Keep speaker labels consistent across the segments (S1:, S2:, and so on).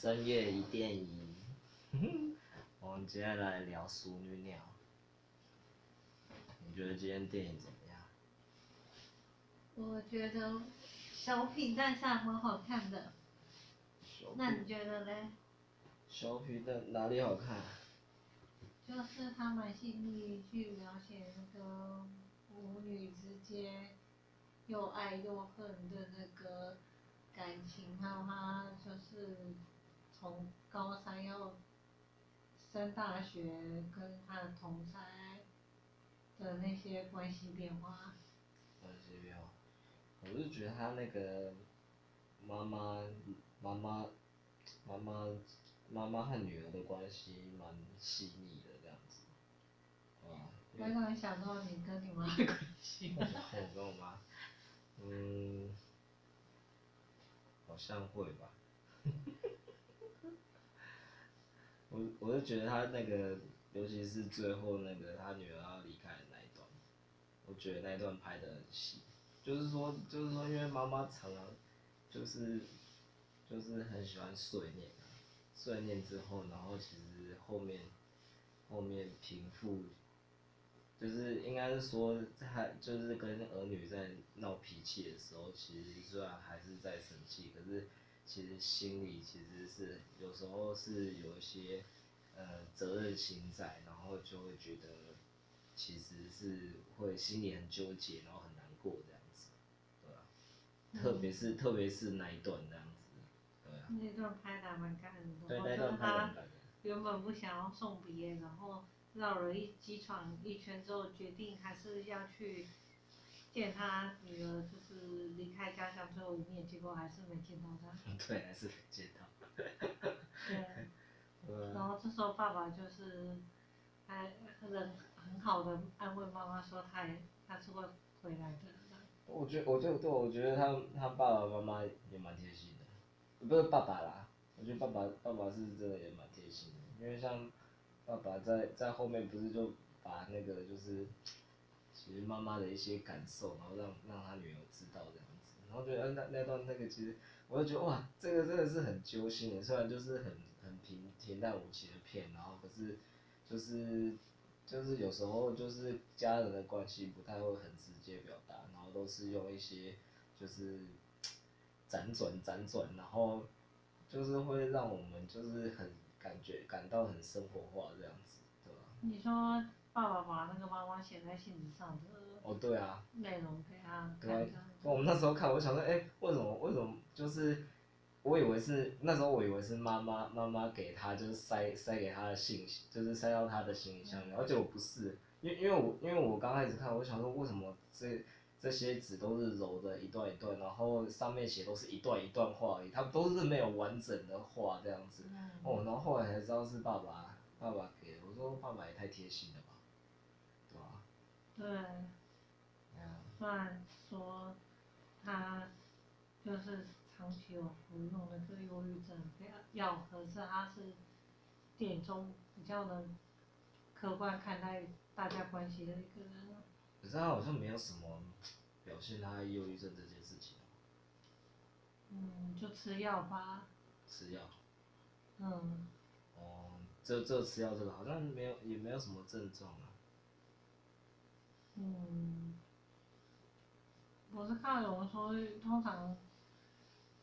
S1: 深夜一電影， 我們接下來聊《淑女鳥》，你覺得今天電影怎麼樣？
S2: 我覺得小品在上很好看的，
S1: 那你覺得咧？小品在哪裡好看？
S2: 就是他們心裡去描寫那個母女之間又愛又恨的那個感情，他有就是。從高三要升大學，跟他的同儕的那些關係變化、啊。
S1: 關係變化，我就覺得他那個媽媽，媽媽，媽媽，媽媽和女兒的關係蠻細膩的這樣子。哦。我突然想到，你跟你媽的關係。我、嗯、跟嗯,嗯,嗯,嗯,嗯,嗯，好像會吧。我就覺得他那個，尤其是最後那個他女兒要離開的那一段，我覺得那一段拍的很細。就是說，就是說，因為媽媽常常，就是，就是很喜歡碎念啊，碎念之後，然後其實後面，後面平復，就是應該是說他就是跟兒女在鬧脾氣的時候，其實雖然還是在生氣，可是。其實心裡其實是有時候是有一些，呃，責任心在，然後就會覺得，其實是會心裡很糾結，然後很難過這樣子，對吧、啊嗯？特別是特別是那一段那樣子，對、
S2: 啊。那段拍的蠻乾的蠻感動，我覺得他原本不想要送別，嗯、然後繞了一機場一圈之後，決定還是要去。見
S1: 他女兒就是離開家鄉之後，五年
S2: 結果還是沒見到他。 對，還是
S1: 沒見到。對、啊。然後這時候，爸爸就是，他很好的安慰媽媽說他還：“他也他是會回來的。”我覺得，我覺，我覺，對，我覺得他他爸爸媽媽也蠻貼心的，不是爸爸啦。我覺得爸爸爸爸是真的也蠻貼心的，因為像，爸爸在在後面不是就把那個就是。其實媽媽的一些感受，然後讓讓她女兒知道這樣子，然後覺得那那段那個其實，我就覺得哇，這個真的是很揪心的。雖然就是很很平平淡無奇的片，然後可是就是就是有時候就是家人的關係不太會很直接表達，然後都是用一些就是輾轉輾轉，然後就是會讓我們就是很感覺感到很生活化這樣子，對
S2: 吧？啊？你說。
S1: 爸爸把那個媽媽寫在信紙
S2: 上的，的。哦對啊。內容
S1: 對啊，我們那時候看，我想說，哎、欸，為什麼為什麼就是，我以為是那時候我以為是媽媽媽媽給他就是塞塞給他的信，就是塞到他的行李箱裡、嗯，而且我不是，因為因為我因為我剛開始看，我想說為什麼這這些紙都是揉的一段一段，然後上面寫都是一段一段話而已，他們都是沒有完整的話這樣子。嗯、哦，然後後來才知道是爸爸爸爸給的，我說爸爸也太貼心了。
S2: 對、啊，雖然說他就是長期有服用那個憂鬱症的藥，可是他是眼中比較能客觀看待大家關係的一個人、
S1: 啊。可是他好像沒有什麼表現他憂鬱症這件事情、啊。嗯，
S2: 就吃藥吧。
S1: 吃藥。嗯。哦、嗯，這這吃藥這個好像沒有也沒有什麼症狀啊。
S2: 嗯，我是看有人說，通常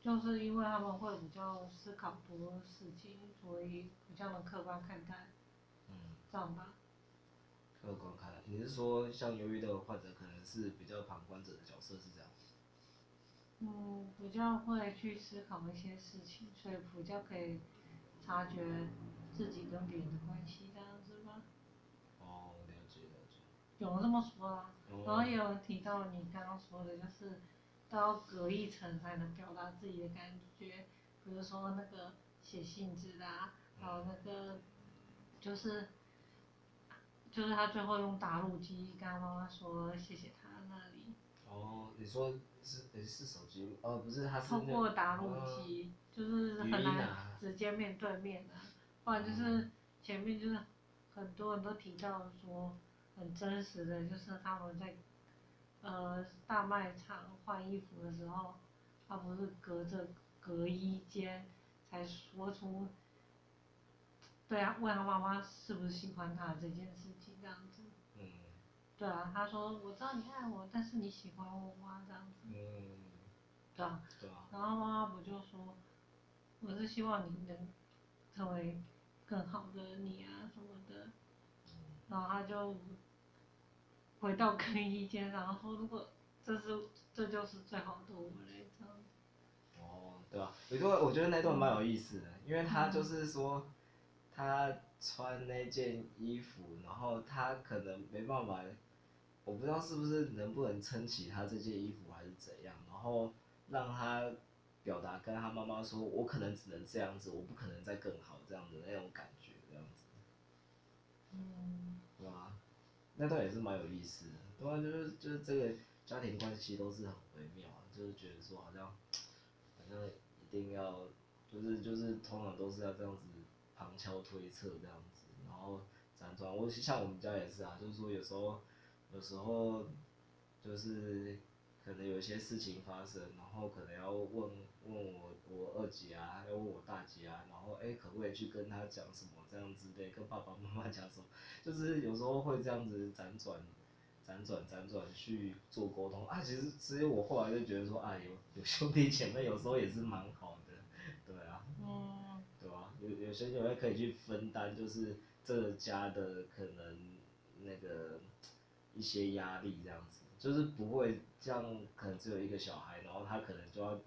S2: 就是因為他們會比較思考多事情，所以比較能客觀看待，嗯，這樣吧。
S1: 客觀看待，你是說像憂鬱的患者可能是比較旁觀者的角色是這樣？
S2: 嗯，比較會去思考一些事情，所以比較可以察覺自己跟別人的關係的。總這麼說啊，哦、然後也有人提到你剛剛說的就是，都要隔一層才能表達自己的感覺，比如說那個寫信紙啊，還有那個，就是，就是他最後用打字機跟媽媽說謝謝他那裡。
S1: 哦，你說是、欸、是手機哦？不是，他是通過打字機、
S2: 哦，就是很難直接面對面的、啊，不然就是前面就是很多人都提到說。很真實的，就是他們在，呃，大賣場換衣服的時候，他不是隔着隔衣間才說出，對啊，問他媽媽是不是喜歡他這件事情這樣子，嗯，對啊，他說我知道你愛我，但是你喜歡我嗎？這樣子，嗯，對啊，對啊。然後媽媽不就說，我是希望你能成為更好的你啊什麼的。然後他就回到更衣間，
S1: 然後如果這是這就是最好的那一種。哦，對啊，我覺得我覺得那段蠻有意思的，因為他就是說、嗯，他穿那件衣服，然後他可能沒辦法，我不知道是不是能不能撐起他這件衣服還是怎樣，然後讓他表達跟他媽媽說，我可能只能這樣子，我不可能再更好這樣子那種感覺這樣子。嗯。對啊，那倒也是蠻有意思的，對啊，就是就是這個家庭關係都是很微妙啊，就是覺得說好像，反正一定要，就是就是通常都是要這樣子旁敲推測這樣子，然後輾轉，我像我們家也是啊，就是說有時候有時候就是。可能有些事情發生，然後可能要問問我我二姐啊，要問我大姐啊，然後哎、欸，可不可以去跟他講什麼這樣子的，跟爸爸媽媽講什麼，就是有時候會這樣子輾轉，輾轉輾轉去做溝通啊。其實，其實我後來就覺得說，哎、啊，有有兄弟姐妹有時候也是蠻好的，對啊，嗯、對吧、啊？有有些時候可以去分擔，就是這家的可能那個一些壓力這樣子。就是不會像，可能只有一個小孩，然後他可能就要，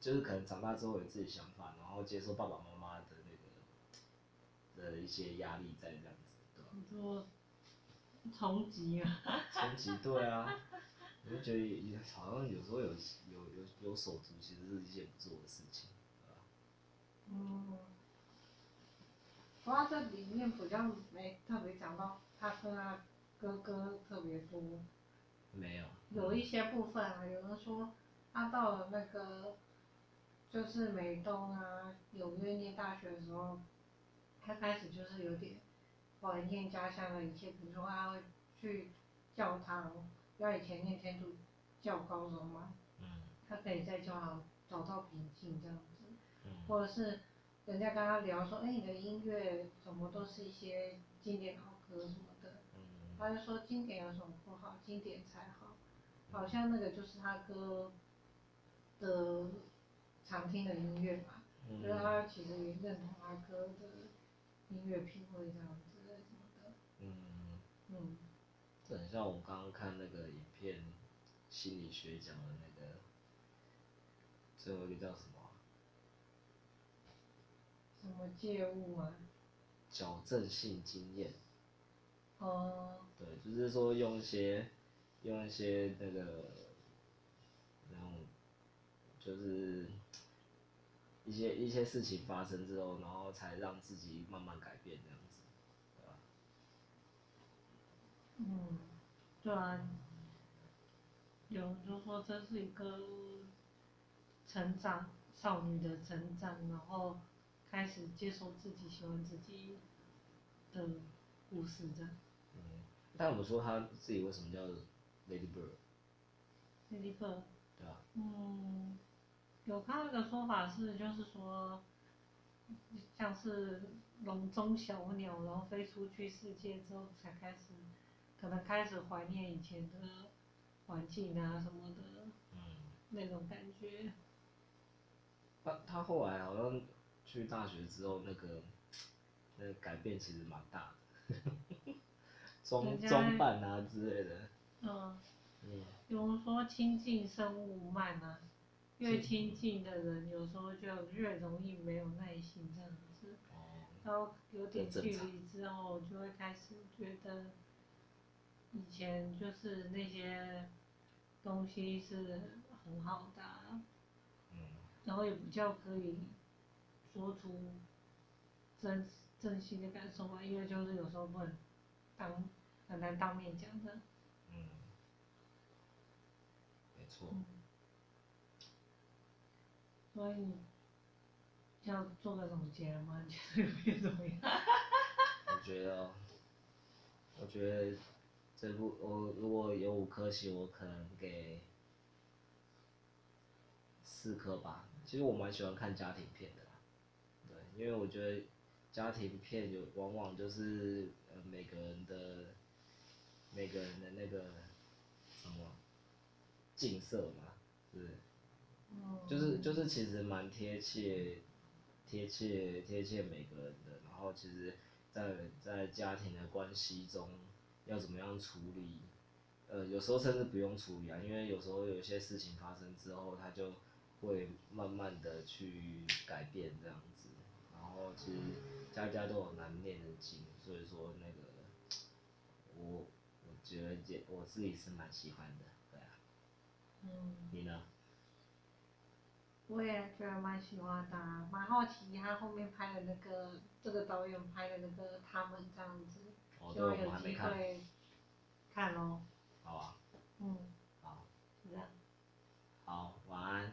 S1: 就是可能長大之後有自己想法，然後接受爸爸媽媽的那個的一些壓力在這樣子，對吧？
S2: 你說，衝擊啊！
S1: 衝擊、啊、對啊， 我覺得好像有時候有有有有手足，其實是一件不錯的事情，啊、
S2: 嗯。哇，這裡面比較沒特別講到他跟他哥哥特別多。
S1: 沒有，有一
S2: 些部分，啊，有人說，他、啊、到了那個，就是美東啊，紐約念大學的時候，他開始就是有點懷念家鄉的一切，比如說他會去教堂，因為以前念天主教高中嘛、啊，他可以在教堂找到平靜這樣子，或者是人家跟他聊說，哎，你的音樂怎麼都是一些經典好歌什麼的。他說經典有什麼不好？經典才好，好像那個就是他哥的常聽的音樂吧、嗯。就是他其實認同他哥的音樂品味這樣子什麼的。嗯。嗯。
S1: 等一下，我們剛剛看那個影片，心理學講的那個最後一個叫什麼、啊？
S2: 什麼借物啊？
S1: 矯正性經驗。對，就是說用一些，用一些那個，然後就是一些一些事情發生之後，然後才讓自己慢慢改變這樣子，對吧？
S2: 嗯，對啊，有就是說這是一個成長少女的成長，然後開始接受自己喜歡自己的故事的。
S1: 但我們說他自己為什麼叫 Lady Bird？Lady Bird。對吧、啊？
S2: 嗯，有看到一個說法是，就是說，像是籠中小鳥，然後飛出去世界之後，才開始，可能開始懷念以前的環境啊什麼的。嗯。那種感覺。
S1: 他、啊、他後來好像去大學之後，那個，那個改變其實蠻大的。 裝裝扮啊之類的，
S2: 嗯，嗯，比如說親近生物慢啊，越親近的人，有時候就越容易沒有耐心，這樣子，哦，然後有點距離之後，就會開始覺得，以前就是那些東西是很好的啊，嗯，然後也比較可以說出真真心的感受啊，因為就是有時候會。當很難當面講的。
S1: 嗯，沒錯。嗯。
S2: 所以，要做個總結嘛？你覺得怎麼
S1: 樣？我覺得，我覺得這部我如果有五顆星，我可能給四顆吧。其實我蠻喜歡看家庭片的啦。對，因為我覺得。家庭片有往往就是呃每個人的，每個人的那個什麼景色嘛，是、嗯，就是就是其實蠻貼切，貼切貼切每個人的。然後其實在在家庭的關係中要怎麼樣處理，呃有時候甚至不用處理啊，因為有時候有些事情發生之後，它就會慢慢的去改變這樣子。哦、其實家家都有難念的經，所以說那個，我我覺得我自己是蠻喜歡的，對啊。嗯。你呢？
S2: 我也覺得蠻喜歡的，蠻好奇他後面拍的那個，這個導演拍的那個他們這樣子，希望、哦、有機會看嘍。
S1: 好啊。嗯。
S2: 好。好。
S1: 好，晚安。